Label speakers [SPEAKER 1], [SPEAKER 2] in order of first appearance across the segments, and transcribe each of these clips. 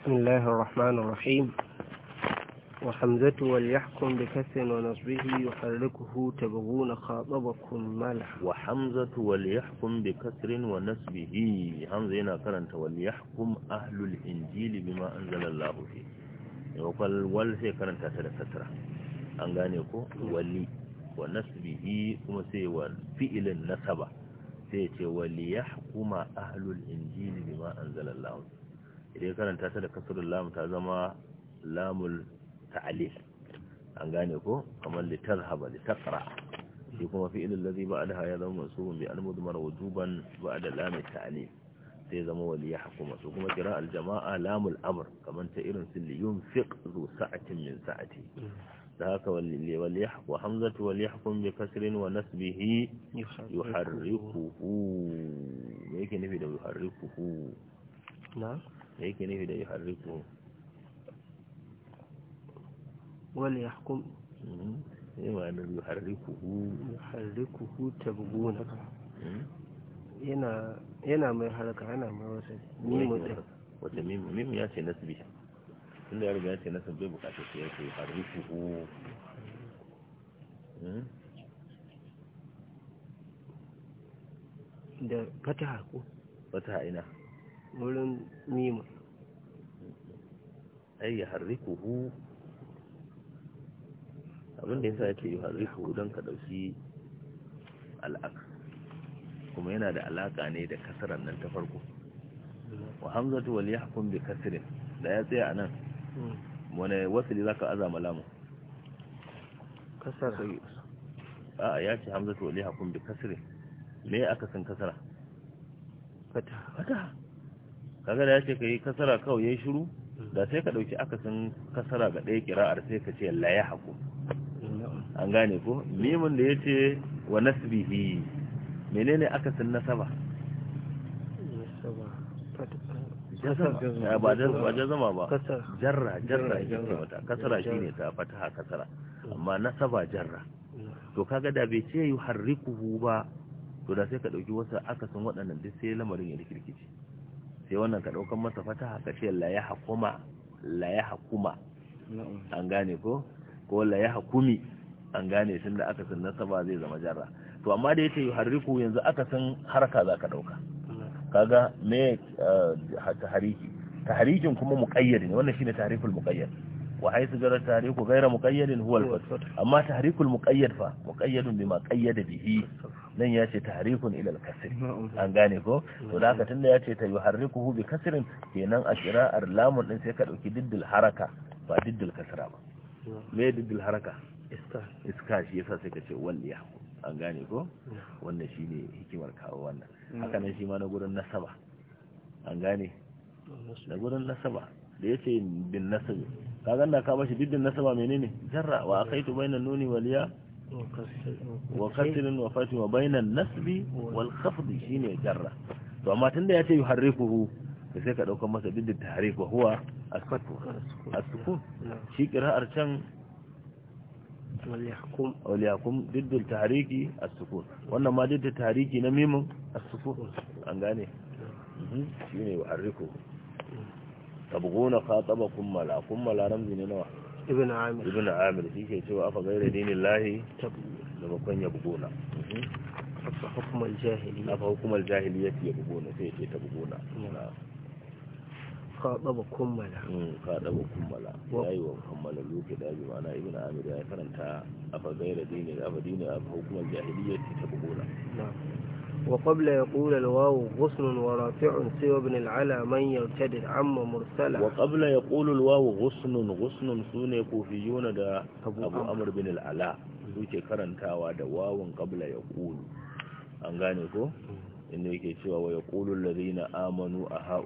[SPEAKER 1] بسم الله الرحمن الرحيم وحمزة وليحكم بكسر ونصبه يحركه تبغون خاطبكم ملح وحمزة
[SPEAKER 2] وليحكم بكسر ونصبه حمزة هنا قرنت وليحكم أهل الإنجيل بما أنزل الله فيه وقال والسي قرنت أسر كسرة أنغانيكو ولي ونصبه كما سي وفئل النسبة سيتي وليحكم أهل الإنجيل بما أنزل الله فيه ya karanta ta da kasrul lam ta zama lamul ta'alil an gane ko kamar litazhaba litaqra shi kuma fi'il allazi ba'daha ya zama mansubun bi al-mudmar wujuban ba'da lam ta'alil sai zama wali ya hukuma su kuma kira lamul amr kamar ta irin su yunfiq zu sa'atin min sa'ati da haka wali wali wa hamzatu wali hukum bi kasrin wa nasbihi yuharrikuhu yake nufi da yuharrikuhu na da yake nufi da yuharriku
[SPEAKER 1] wani ya hukum
[SPEAKER 2] ne ma'anar yuharrikuhu yuharrikuhu tabguna
[SPEAKER 1] yana mai haraka yana mai wasa mimu wata
[SPEAKER 2] mimu mimu ya ce nasbi inda ya riga ya ce bai
[SPEAKER 1] da fataha ko fataha ina wurin mima ai ya harriku hu
[SPEAKER 2] abinda ya sa ya ce ya harriku don ka ɗauki al'aka kuma yana da alaƙa ne da kasarar nan ta farko wa hamzatu wal yahkum bi kasrin da ya tsaya anan hmm. wani wasili zaka azama lamu kasara a ya ce hamzatu wal yahkum bi kasrin me aka san kasara fata fata kaga da ya ce ka yi kasara kawai ya yi shiru da sai ka ɗauki akasin kasara ga ɗaya kira'ar sai ka ce la ya haku an gane ko mimin da ya ce wa nasbihi menene akasin nasaba ba jazama ba
[SPEAKER 3] jarra jarra yake mata kasara shine
[SPEAKER 2] ta fataha kasara mm. amma nasaba jarra mm. to kaga da bai ce yuharrikuhu ba to da sai ka ɗauki wasu akasin waɗannan duk sai lamarin ya rikirkice sai wannan ka daukan masa fataha ka ce la ya hakuma la ya hakuma an gane ko ko la ya hakumi an gane tun da aka san nasaba zai zama jarra to amma da yace harriku yanzu aka san haraka zaka dauka kaga me eh, tahriki tahrikin kuma muqayyad ne wannan shine tahriful muqayyad wa haythu jara tahriku ghayra muqayyadin huwa al-fath amma tahrikul muqayyad fa muqayyadun bima qayyada bihi nan yace tahrikun ila al-kasr an gane ko to da haka tunda yace ta yuharrikuhu bi kasrin kenan a qira'ar lamun din sai ka dauki diddil haraka ba diddil kasra ba me diddil haraka iska iska shi yasa sai ka ce walliya an gane ko wannan shine hikimar kawo wannan haka nan shi ma na gurin nasaba an gane na gurin nasaba da yace bin nasab ka ganda ka bashi biddin nasaba menene jarra wa akaitu bainan nuni wal ya wa qatl wa fati wa bainan nasbi wal khafd shine jarra to amma tunda yace yuharrifuhu sai ka dauka masa diddin tahrif wa huwa asfatu asfatu shi qira'ar can وليحكم وليحكم ضد as السكون wannan ma ضد التحريك na mimun as-sukun an gane
[SPEAKER 3] mm. mhm.
[SPEAKER 2] shine yuharriku mm. tabguna khatabakum mala kun mala ramzi ne nawa ibn amir ibn amir shi ke cewa afa gaira dinin lahi da bakon ya bugona
[SPEAKER 1] mhm. afa hukumar
[SPEAKER 2] jahiliya afa hukumar jahiliya ya bugona sai ce ta bugona mhm. kaɗaba kummala mm, kaɗaba kummala ya yi wa kammala loke da bi ma'ana ibn amir ya karanta afa gaira dinin afa dinin afa hukumar jahiliya ta bugona
[SPEAKER 1] وقبل يقول الواو غصن ورافع سوى ابن العلا من يرتد عما مرسلا وقبل يقول الواو غصن غصن سوني كوفيون دا أبو, أبو
[SPEAKER 2] أمر بن العلا سوكي تاوى دا واو قبل يقول أنغانيكو inda yake cewa wa ya ƙulun lalina amanu a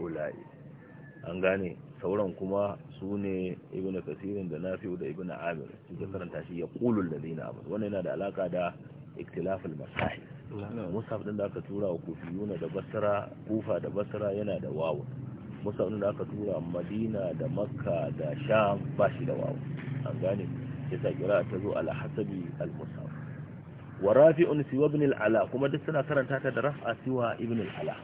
[SPEAKER 2] sauran kuma su ne ibn kasirin da nafi'u da ibn amir su ke karanta shi ya ƙulun lalina amanu wannan yana da alaka da iktilafin masahi da aka tura wa kufiyuna da basra kufa da basra yana da wawu musaf ɗin da aka tura madina da makka da sham ba shi da wawu an gane sai ta kira ta zo ala hasabi al musaf wa rafi'un siwa ibn al ala kuma duk suna karanta ta da rafa siwa ibn al ala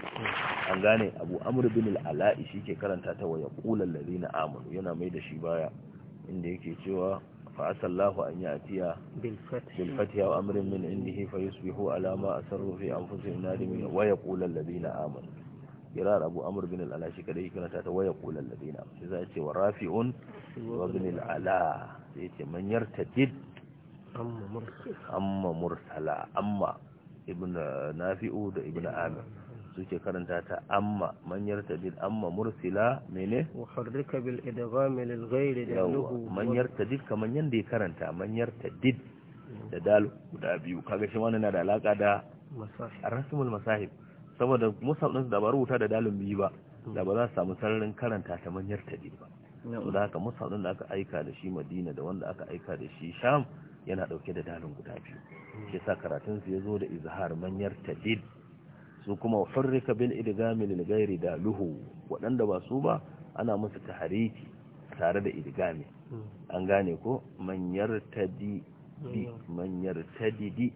[SPEAKER 2] an gane abu amr ibn al ala shi ke karanta ta wa yaqulu allazina amanu yana mai da shi baya inda yake cewa فعسى الله أن يأتي بالفتح, بالفتح أو أمر من عنده فيصبحوا على ما أسروا في أنفسهم نادمين ويقول الذين آمنوا kirar abu amur bin shi kadai kira ta ta waya kulan ladina sai za a ce wa rafi'un wa bin al'ala sai ce man amma mursala amma ibn nafi'u da ibn amir suke karanta ta amma manyar yartadid amma mursila mene
[SPEAKER 1] muharrika bil idgham lil ghairi da manyar
[SPEAKER 2] man kaman yanda ya karanta manyar tadid da dal guda biyu kaga shi wannan yana da alaka da rasmul masahib saboda musab din da ba rubuta da dalin biyu ba da ba za su samu sararin karanta ta manyar tadid ba saboda haka musab din da aka aika da shi Madina da wanda aka aika da shi Sham yana dauke da dalin guda biyu
[SPEAKER 3] hmm. shi
[SPEAKER 2] sa karatun su yazo da izhar manyar tadid su kuma hurrika bil idgami lil ghairi daluhu wadanda waɗanda ba su ba ana musu tahriki tare da idgami hmm. an gane ko man yartadi bi hmm. man yartadi di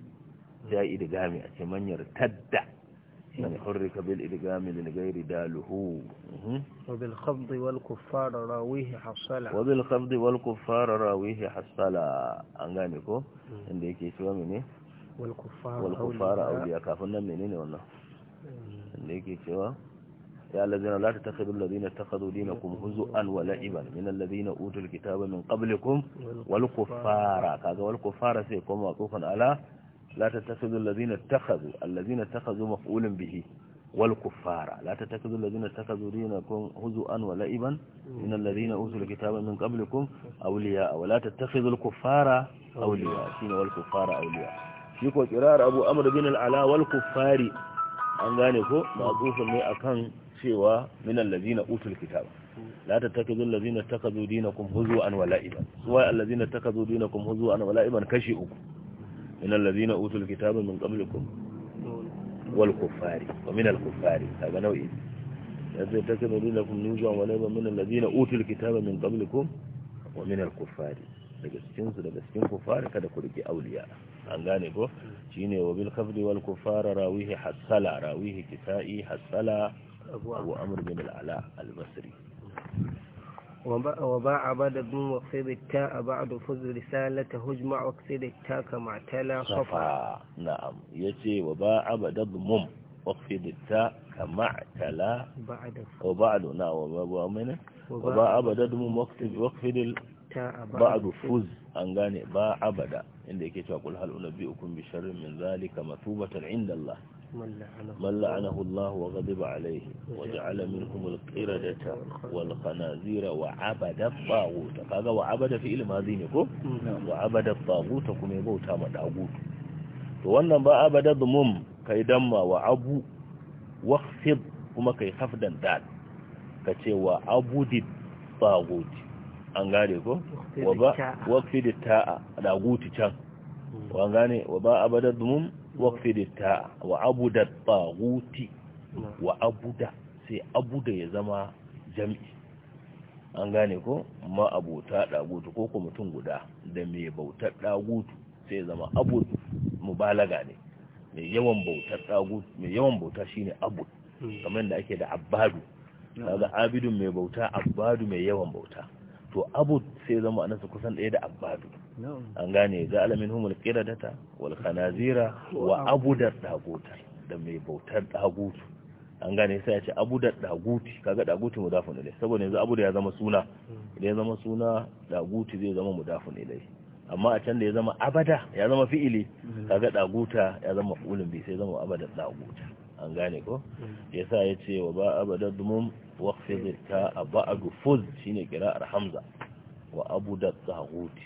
[SPEAKER 2] ya idgami a ce man yartadda man hmm. hurrika bil idgami lil ghairi da luhu mhm.
[SPEAKER 1] wa bil khafd wal kuffar rawihi hasala wa bil
[SPEAKER 2] khafd wal kuffar rawihi hasala an gane ko inda yake cewa mene
[SPEAKER 1] wal kuffar wal kuffar
[SPEAKER 2] kafin nan menene wannan da yake cewa ya allazina la tattakhidhu allazina ittakhadhu huzu an wa la'iban min allazina utul kitaba min qablikum
[SPEAKER 3] wal kuffara
[SPEAKER 2] kaga wal kuffara sai kuma maqufan ala la tattakhidhu allazina ittakhadhu allazina ittakhadhu maf'ulun bihi wal kuffara la tattakhidhu allazina ittakhadhu huzu an wa la'iban min allazina utul kitaba min qablikum awliya wa la tattakhidhu al kuffara awliya shine wal kuffara awliya shi ko kirar abu amr bin al ala wal kuffari an gane ko gufin ne akan cewa minan lazina utul kitaba la tattakizu lazina takazu dinakum huzuan an la'iban suwa allazina takazu dinakum huzuan wa la'iban kashi uku minan lazina utul kitaba min qablikum wal kuffari wa al kuffari daga nau'i yanzu tattakizu dinakum an wa la'iban minal lazina utul kitaba min qablikum wa al kuffari daga cikin su daga cikin kuffari kada ku rike auliya عندني gane جيني وبالخفض والكفار راويه حسلا راويه kufara حسلا أبو rawihi kitai hasala abu amr
[SPEAKER 1] وباع بعد بن وقصيد التاء بعد فز رسالة هجم وقصيد التاء كما تلا خفا
[SPEAKER 2] نعم يتي وباع بعد بن وقصيد التاء كما تلا بعد وبعد نعم
[SPEAKER 1] وباع بعد
[SPEAKER 2] بن وقصيد
[SPEAKER 1] ta ba'adu
[SPEAKER 2] fuz an gane ba abada inda yake cewa kul hal unabi ukun bi sharri min zalika matubatan inda Allah man la'anahu Allah wa ghadiba alayhi wa ja'ala minhum al-qiradata wal khanazira wa abada at-taghut kaga wa abada fi al ko mm-hmm. wa abada at kuma ya bauta ma dagut to wannan ba abada dumum kai damma wa abu wa khfid kuma kai khafdan dal kace wa abudi baguti an gane ko wa ba waqfi da ta'a da guti can mm. wa gane wa ba abadad mum waqfi da ta'a wa abuda taguti mm. wa abuda sai abuda ya zama jam'i an gane ko ma abota dagutu ko ko mutum guda da mai bautar dagutu sai zama abu mubalaga ne mai yawan bautar dagutu mai yawan bauta shine abu mm. kamar da ake da abadu kaga abidun mai bauta abadu mai yawan bauta to abud sai zama a nasa kusan ɗaya da abadu an gane ga alamin humul kiradata wal khanazira wa abu dagutar da mai bautar dagutu an gane sai ya ce abu da daguti kaga daguti mudafun ilai saboda yanzu abu da ya zama suna hmm. idan ya zama suna daguti zai zama mudafun ilai amma a can da ya zama abada ya zama fi'ili hmm. kaga daguta ya zama ulun bi sai zama abada daguta an gane ko mm. yasa ya ce wa ba abadad mum waqfi ta abadu fuz shine kira hamza wa abu da tsahuti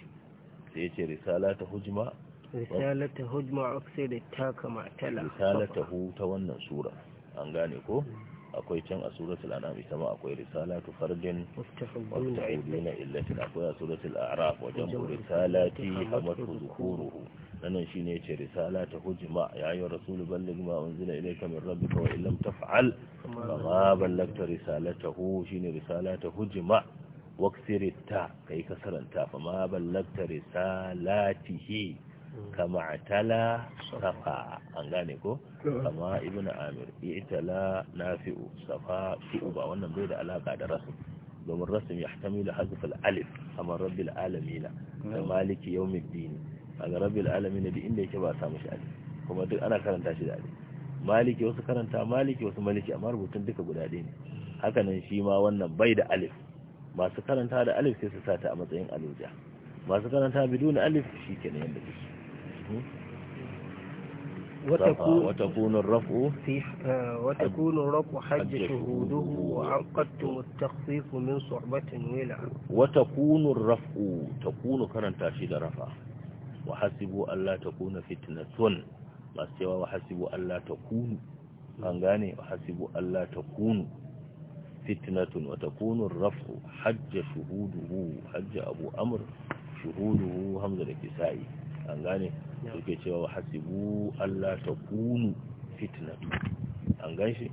[SPEAKER 2] sai ya ce risala ta hujma
[SPEAKER 1] risalata hujma oxide ta kama tala risalata
[SPEAKER 2] hu ta wannan sura an gane ko mm. akwai can a suratul anam ita ma akwai risalatu fardin
[SPEAKER 1] muftahidina
[SPEAKER 2] illatin akwai a suratul a'raf wajen risalati hamatu zukuruhu nan shine yace ta hujma ya rasulu rasul balligh ma unzila ilayka min rabbika wa illam taf'al ma ballagta risalatahu shine risalata hujma waksirita kai kasaranta fa ballagta risalatihi kama atala safa an gane ko kama ibn amir itala nafi'u safa fi'u ba wannan bai da alaka da rasul domin rasul yahtamilu hazf al-alif kama rabbil alamin da maliki din kaga rabbil alamin da inda yake ba samu shi alif kuma duk ana karanta shi da alif maliki wasu karanta maliki wasu maliki amma rubutun duka guda ɗaya ne hakanan shi ma wannan bai da alif masu karanta da alif sai su sata a matsayin aluja masu karanta biduna alif shi kenan yanda suke وتكون, وتكون الرفع
[SPEAKER 1] في آه، وتكون الرفع حج شهوده وعقدت التخفيف من صعبة ولع
[SPEAKER 2] وتكون الرفع تكون كرن تاشيد رفع وحسبوا ألا تكون فتنة ما سوى وحسبوا ألا تكون أنغاني وحسبوا ألا تكون فتنة وتكون الرفع حج شهوده حج أبو أمر شهوده همزة الكسائي an gane yake cewa wa hasibu Allah ta kunu fitnatu an ganshi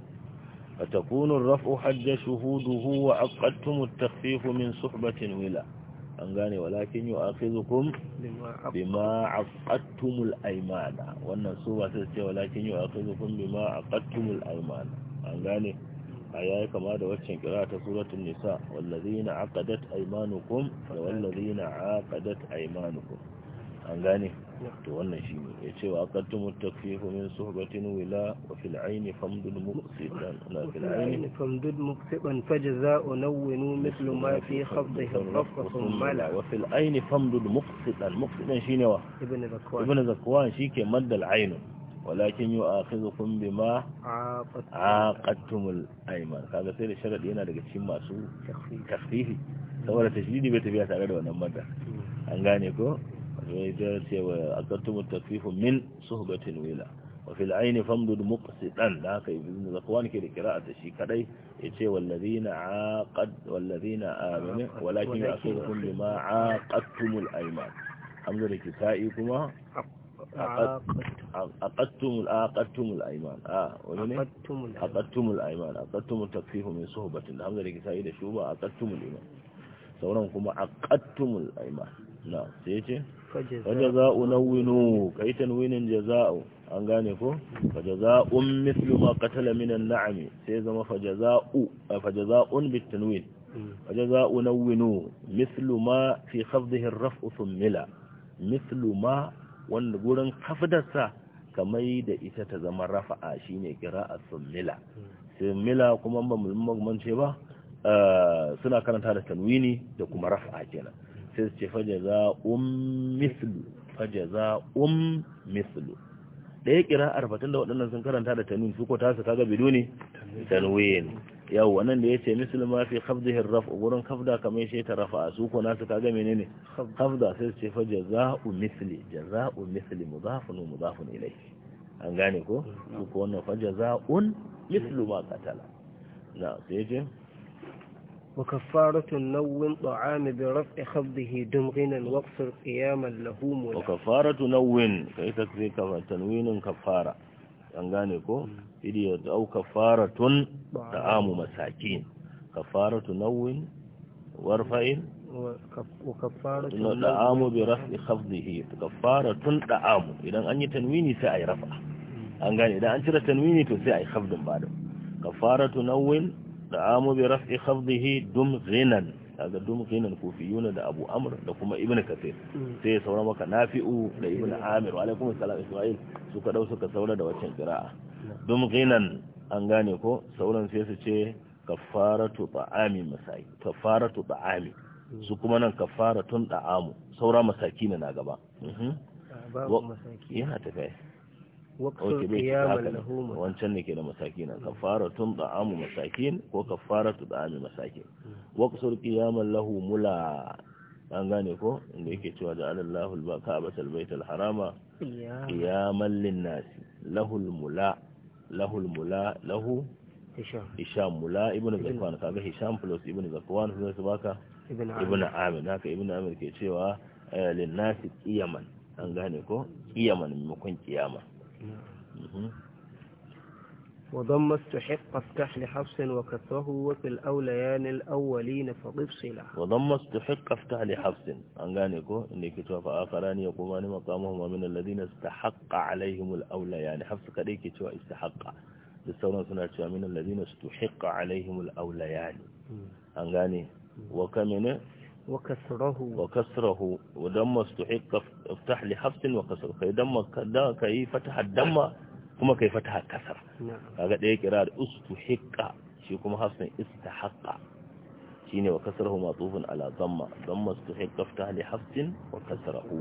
[SPEAKER 2] fa takunu rafu hajja shuhuduhu wa aqadtum at-takhfif min suhbatin wila an gane walakin yu'akhidhukum bima aqadtum al-aymana wannan su ba sai ce walakin yu'akhidhukum bima aqadtum al-aymana an gane ayaye kama da waccan kira ta suratul nisa wallazina aqadat aymanukum wallazina aqadat aymanukum an gane to wannan shi ne ya ce wa akattu mutafi min sohbatin wila wa fil'aini famdun famdul muqsitan la fil aini
[SPEAKER 1] famdul muqsitan fajza'u nawwinu mithlu ma fi khafdihi hafafafun mala
[SPEAKER 2] wa fil'aini aini famdul muqsitan shi ne wa
[SPEAKER 1] ibn
[SPEAKER 2] zakwan shi ke maddal ainu walakin yu'akhidhukum bima aqattumul ayman kaga sai da sharaɗi yana daga cikin masu takfifi saboda tashdidi bai tafiya tare da wannan madda hmm. an gane ko ويجاسي وأكدتم التكفيف من صهبة الولا وفي العين فامدد مقسطا ذاك ابن ذكوان كده قراءة شي يتي والذين عاقد والذين آمنوا ولكن يأخذكم بما عاقدتم الأيمان حمد الكسائي كما أقدتم عقدتم الأيمان آه ولني الأيمان أقدتم التكفيف من صهبة الحمد الكسائي ده أقدتم الإيمان sauran kuma ƙattumul aima na sai ce wajaza'u nawinu kai tanwinin jaza'u an gane ko za'un mislu ma qatala minan na'ami sai zama fajaza'u eh, fajaza'un bitanwin hmm. za'u nawinu mislu ma fi khafdihi ar-raf'u thummila mithlu ma wanda gurin khafdarsa kamar da ita ta zama rafa'a shine mila sun mila kuma ba mu mance ba Eh, suna karanta da tanwini da kuma rafa kenan sai su ce fajaza um mislu fajaza um mislu ɗaya kira'ar fatan da waɗannan sun karanta da tanwin su ko tasu kaga bidu ne tanwin yau wannan da ya ce mislu ma fi khabdihi raf gurin kafda kamar shi ta rafa su ko nasu kaga menene kafda sai su ce fajaza'u misli jaza'u misli mudafun mudafun ilayhi an gane ko su ko wannan fajaza'un mislu ma qatala na sai je
[SPEAKER 1] وكفارة نو طعام برفع خفضه دمغنا واقصر قياما له ملا
[SPEAKER 2] وكفارة نو كيف تكفيك تنوين كفارة أنغانيكو إذي أو كفارة طعام مساكين كفارة نو ورفع
[SPEAKER 1] وكفارة نو طعام
[SPEAKER 2] برفع خفضه كفارة طعام إذا أني تنويني سأي رفع أنغاني إذا أنت تنويني تسأي خفض بعد كفارة نو da'amu bi raf'i khafdihi dum ghinan kaga dum ghinan da Abu Amr da kuma ibnu Kathir sai ya maka Nafi'u da Ibn Amir alaikum Isma'il suka dau suka saura da waccan qira'a dum ghinan an gane ko sauran sai su ce kafaratu ta'ami masaki kafaratu ta'ami su kuma nan kafaratun na gaba
[SPEAKER 1] waqtul qiyaman lahu
[SPEAKER 2] wancan da mm. masakin kafaratun da'amu ko kafaratu da'amu masakin mm. waqtul qiyaman lahu mula an gane ko inda yake cewa da alallahu albaka batal baitul harama qiyaman linnas lahu almula lahu lahu hisham mula ibnu zakwan kaga hisham plus ibnu zakwan sai su baka ibnu amir ibnu amir ke cewa eh, linnas qiyaman
[SPEAKER 1] an gane ko qiyaman
[SPEAKER 2] maimakon qiyama نعم.
[SPEAKER 1] وضم استحق افتح لحفص وكفه وفي الأوليان الأولين فضف صلة
[SPEAKER 2] وضم استحق افتح لحفص يقول إني كتوى فآخران يقومان مقامهما من الذين استحق عليهم الأوليان حفص كري كتوى استحق للسورة سنعتها من الذين استحق عليهم الأوليان أنغاني وكمن وكسره وكسره ودم استحق افتح لحفص وكسر كي دم كي فتح الدم كما كي فتح الكسر هذا ده قراءة استحق شي كما حفص استحق شيني وكسره معطوف على ضم ضم استحق افتح لحفص وكسره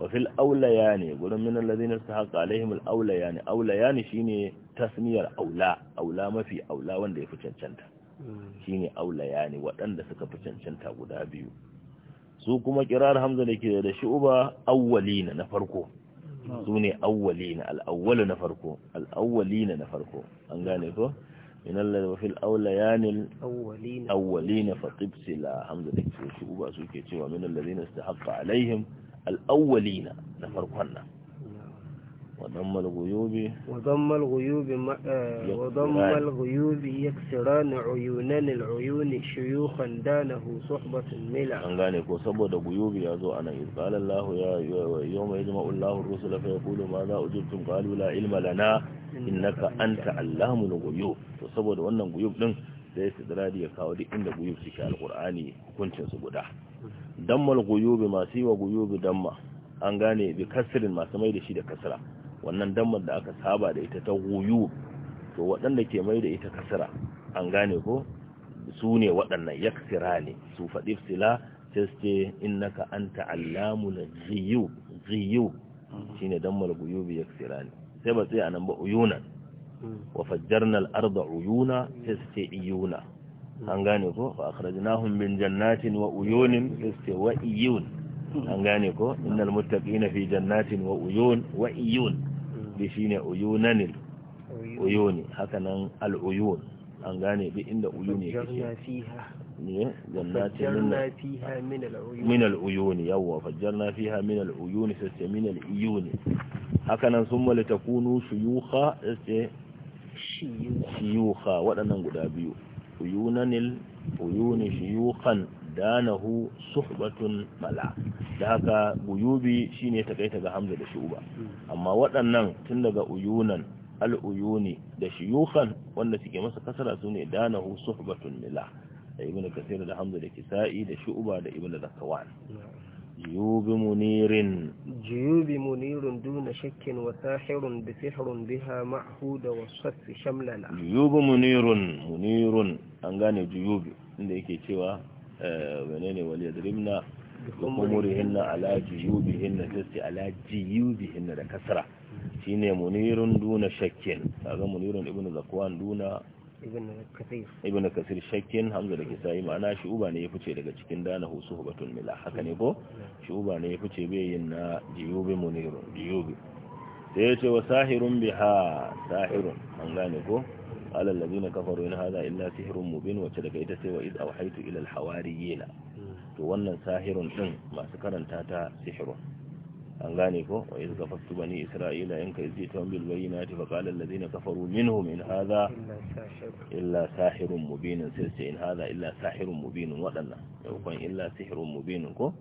[SPEAKER 2] وفي الأوليان يقولون من الذين استحق عليهم الأوليان أوليان شيني تسمية أولى أولى ما في أولى وان ده يفتشن shine aulaya ne waɗanda suka fi cancanta guda biyu su kuma kirar hamza da ke da shu'uba awwalina na farko su ne awwalina al'awwalu na farko al'awwalina na farko an gane ko min Allah wa fil awlayanil awwalina fa qibsila hamza da ke da shu'uba suke cewa min allazina istahaqqa alaihim al'awwalina na farkon nan وضم الغيوب
[SPEAKER 1] وضم الغيوب ما وضم الغيوب يكسران عيونا العيون شيوخا دانه صحبة الملا
[SPEAKER 2] an gane ko saboda guyubi ya zo ana izqala Allah ya yawma yajma'u Allah ar-rusula fa yaqulu ma za ujibtum qalu la ilma lana innaka anta allamul ghuyub to saboda wannan guyub din da istidradi ya kawo duk inda guyub suke alqur'ani hukuncin su guda dammal guyubi masu yi wa guyubi damma an gane bi kasrin masu mai da shi da kasra wannan damar da aka saba da ita ta huyu to waɗanda ke mai da ita kasira an gane ko su ne waɗannan yaksira ne su faɗi sila sai su ce innaka anta allamu na ziyu ziyu shine damar ya yaksira ne sai ba a nan ba uyuna hmm. wa fajjarna al uyuna sai su ce iyuna an gane ko fa akhrajnahum min jannatin wa uyunin sai su ce wa iyun an gane ko hmm. innal muttaqina fi jannatin wa uyun wa iyun bi shine uyunanil uyuni hakanan al'uyun an gane bi inda uyuni ne
[SPEAKER 1] min al'uyuni
[SPEAKER 2] yawwa fajjarna fiha min al'uyuni sai min al'uyuni hakanan summa litakunu shuyukha sai
[SPEAKER 3] shiyuka
[SPEAKER 2] waɗannan guda biyu uyunanil uyuni shiyukan danahu suhbatun mala da haka guyubi shine takaita ga hamza da shuba amma waɗannan tun daga uyunan al'uyuni da shiyukan wanda suke masa kasara su ne danahu suhbatun mila da ibn kasir da hamza da kisa'i da shuba da ibn zakawan جيوب منير
[SPEAKER 1] جيوب منير دون شك وساحر بسحر بها معهود والصف شملنا جيوب
[SPEAKER 2] منير منير أنغاني جيوب yake cewa. Eh, menene wal yadrimna wa kumurihinna ala jiyubihinna tasti ala jiyubihinna da kasra shine munirun duna shakkin kaga munirun ibnu zakwan duna ibn kasir shakkin hamza da kisayi ma'ana uba ne ya fice daga cikin dana husu hubatun mila haka ne ko shi uba ne ya fice bai yin na jiyubi muniru jiyubi sai ya ce wa sahirun biha sahirun an gane ko قال الذين كفروا إن هذا إلا سحر مبين وتلقيت سوى إذ أوحيت إلى الحواريين تولى ساحر إن ما سكرن تاتا سحر an gane ko wa iz gafattu bani isra'ila in ka izji tawon bil bayyinati fa qala alladhina kafaru minhum in hadha illa sahirun mubin sai in hadha illa sahirun mubin wadanna yau illa sihrun mubin ko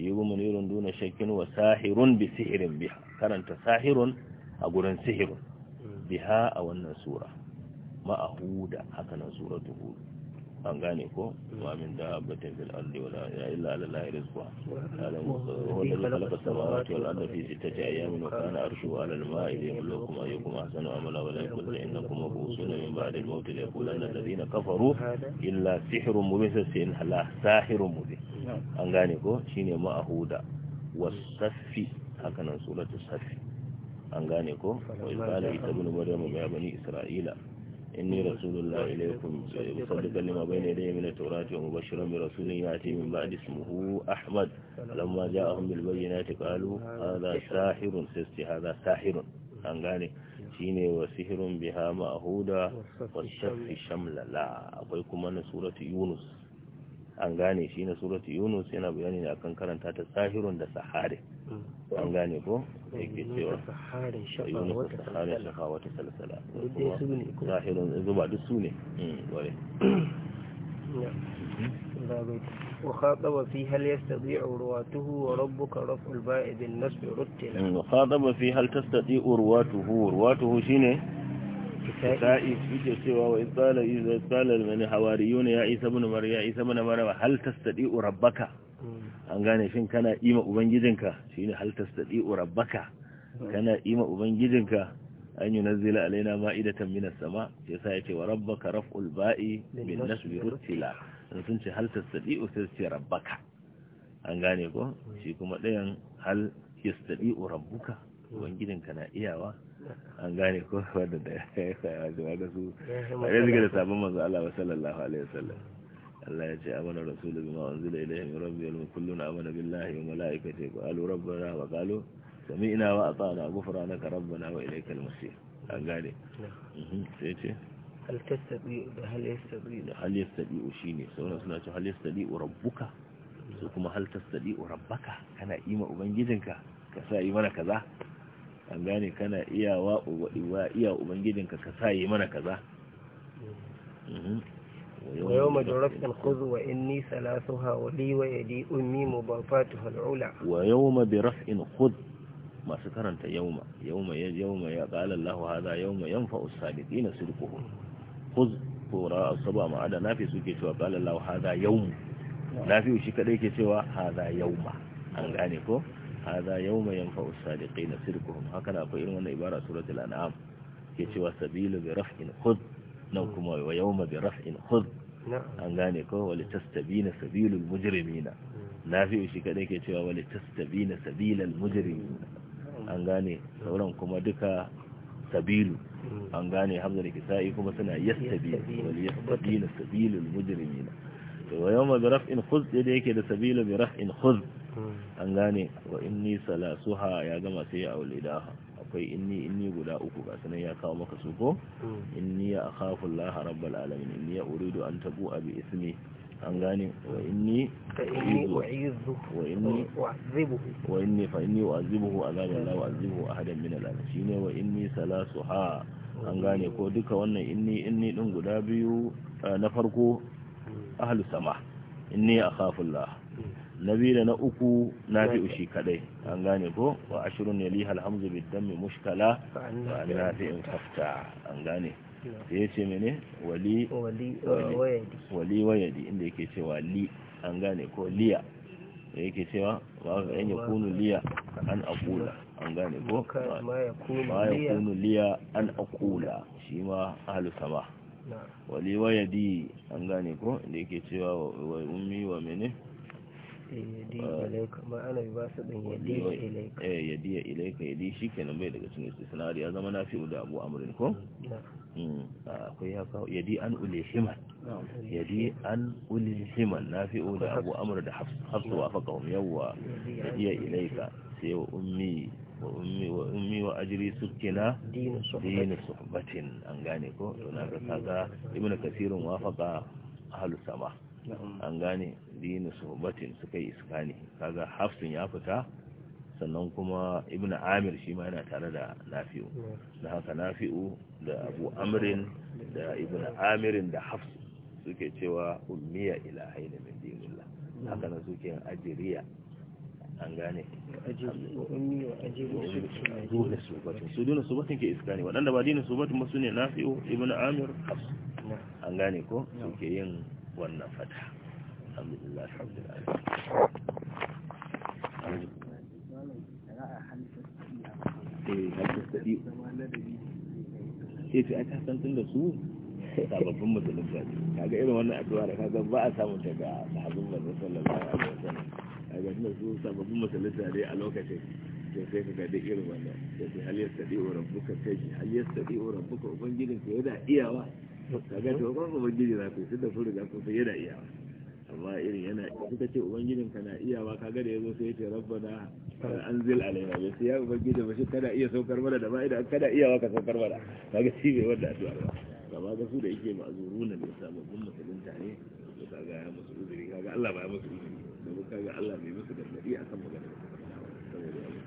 [SPEAKER 2] yiwu munirun duna shakkin wa sahirun bi karanta sahirun a gurin sihirun biha a wannan sura ma'ahu da haka nan suratu hud an gane ko wa min dabbatin fil ardi wala ya illa ala allahi rizqa
[SPEAKER 3] alam wala khalaqa samawati wal
[SPEAKER 2] arda fi sittati ayamin wa kana arshu ala al ma'i yamlukum ayyukum ahsanu amala wa la yaqul innakum mabusuna min ba'di al maut yaqulanna alladhina kafaru illa sihrun mubin sin sahirun mubin an gane ko shine ma'ahuda wasaffi haka nan suratul safi an gane ko wa izala ita bin maryam ya bani isra'ila إني رسول الله إليكم مصدقا لما بين يدي من التوراة ومبشرا برسول يأتي من بعد اسمه أحمد لما جاءهم بالبينات قالوا هذا ساحر سيستي هذا ساحر أنغاني shine wa sihirun biha ma'huda wa shafi shamlala akwai kuma na suratu yunus an gane shi na suratu yunus yana bayani ne akan karanta ta sahirun da sahari
[SPEAKER 1] mm. an
[SPEAKER 2] gane ko yake cewa yunus
[SPEAKER 1] da saharin shafa
[SPEAKER 2] wata salsala sahirun zuba duk su ne mm, ware
[SPEAKER 1] وخاطب في هل يستطيع رواته وربك رفع الباء بالنصب رتلا
[SPEAKER 2] وخاطب في هل تستطيع رواته رواته شنو sa'i yake cewa wa isqala iza qala man hawariyuna ya isa ibn maryam ya isa ibn maryam hal tastadi'u rabbaka hmm. an gane shin kana ima ubangijinka shine hal tastadi'u rabbaka kana ima ubangijinka an yunazzila alaina ma'idatan minas sama yasa yace wa rabbaka raf'ul ba'i bin nasbi rutila sun ce hal tastadi'u sai rabbaka an gane ko hmm. shi kuma dayan hal yastadi'u rabbuka hmm. ubangijinka na iyawa an gane ko wanda da ya ga su
[SPEAKER 3] a yanzu ga da
[SPEAKER 2] sabon manzo Allah wa sallallahu alaihi sallam. Allah ya ce amana rasulu bima unzila ilayhi min rabbi wal kullun amana billahi wa malaikatihi qalu rabbana wa qalu sami'na wa ata'na ghufranaka rabbana wa ilaykal masir an gane mhm, sai ce
[SPEAKER 1] hal da hal da
[SPEAKER 2] hal yastabi shine sauran suna ce hal yastabi rabbuka su kuma hal tastabi rabbaka kana ima ubangijinka ka sa yi mana kaza an gane kana iya wa iya ubangijinka ka sa yi mana kaza ويوم
[SPEAKER 1] جرفت الخذ وإني ثلاثها ولي ويدي أمي مضافاتها العلى
[SPEAKER 2] ويوم برفع خذ ما سكرنت يوم يوم يوم قال الله هذا يوم ينفع الصادقين صدقهم خذ وراء الصبا ما عدا نافي سوكي سوى الله هذا يوم نافي وشي سوى هذا يوم an gane ko hadha yawma yanfa'u as-sadiqin sirquhum haka da akwai irin wannan ibara suratul an'am ke cewa sabilu bi raf'in khudh na kuma wa yawma bi raf'in khudh an gane ko wali tastabina sabilul na nafi'u shi kadai ke cewa wali tastabina sabilal mujrimina an gane sauran kuma duka sabilu an gane hamza da kisa'i kuma suna yastabi wal na sabilul mujrimina wa yawma bi raf'in khuz da yake da sabila bi raf'in khuz hmm. an gane wa inni salasuha ya gama sai ya aulidaha akwai inni inni guda uku ga sanan ya kawo maka su ko hmm. inni ya akhafu Allah rabbal alamin inni ya uridu an tabu abi ismi an gane wa inni u'izu wa inni
[SPEAKER 1] u'azibuhu
[SPEAKER 2] wa inni fa inni u'azibuhu azaban la u'azibuhu ahadan min al-alamin shine wa inni salasuha an gane ko duka wannan inni inni din guda biyu eh, na farko ahlus sama inni akhafullah nabi da na uku na fi ushi kadai an gane ko wa ashirun ya liha alhamdu bi dammi mushkala wa na fi in kafta an gane sai ya ce mene wali wali wayadi inda yake cewa li an gane ko liya da yake cewa ba ka yan ya kunu liya an akula an gane ko ma ya kunu liya an akula shi ma ahlu sama wali wa yadi an gane ko da yake cewa wa ummi wa mene
[SPEAKER 1] eh, ya ah.
[SPEAKER 2] eh, ilaika yadi shi nan bai daga cikin istisnari ya zama nafi da abu amurin ko mm, mm, akwai ya kawo yadi an ulihimar yadi an na fi da abu amur da hafsu wa faƙa yawwa ya ilaika sai wa ummi wa ummi wa ummi wa ajri sukina suhbatin an gane ko to na ga kaga ibnu kasirin wafaqa ahlus sama an gane dini suhbatin suka yi iskani kaga hafsun ya fita sannan kuma ibn amir shi ma yana tare da nafi'u da haka nafi'u da abu amrin da ibn amirin da hafsu suke cewa ummiya ila haini min dinillah haka na suke ajiriya an gane dole subatin su subatin ke ne waɗanda ba dina su ne ibn amir an gane ko suke yin wannan fata alhamdulillah alhamdulillah eh, eh, da su sababbin musulun kaga irin wannan addu'a da kaga ba a samun daga sahabbin a ga suna su sababbin masalisa dai a lokacin to sai ka ga duk irin wannan da sai hal yasta di'u rabbuka kai hal yasta di'u rabbuka ubangijin ka yana iyawa kaga to ban ubangiji na kai da sun riga sun sai yana iyawa amma irin yana suka ce ubangijin ka na iyawa kaga da yazo sai ya ce rabbana anzil alaina ya sai ya ubangiji ba shi kada iya saukar mana da ma'ida kada iyawa ka saukar mana kaga shi bai wanda addu'a ba kama ga su da yake ma'azuruna da sababbin musulunta ne kaga musu uzuri kaga Allah ba ya musu kaga Allah mai musu gargadi akan magana da suka faɗa saboda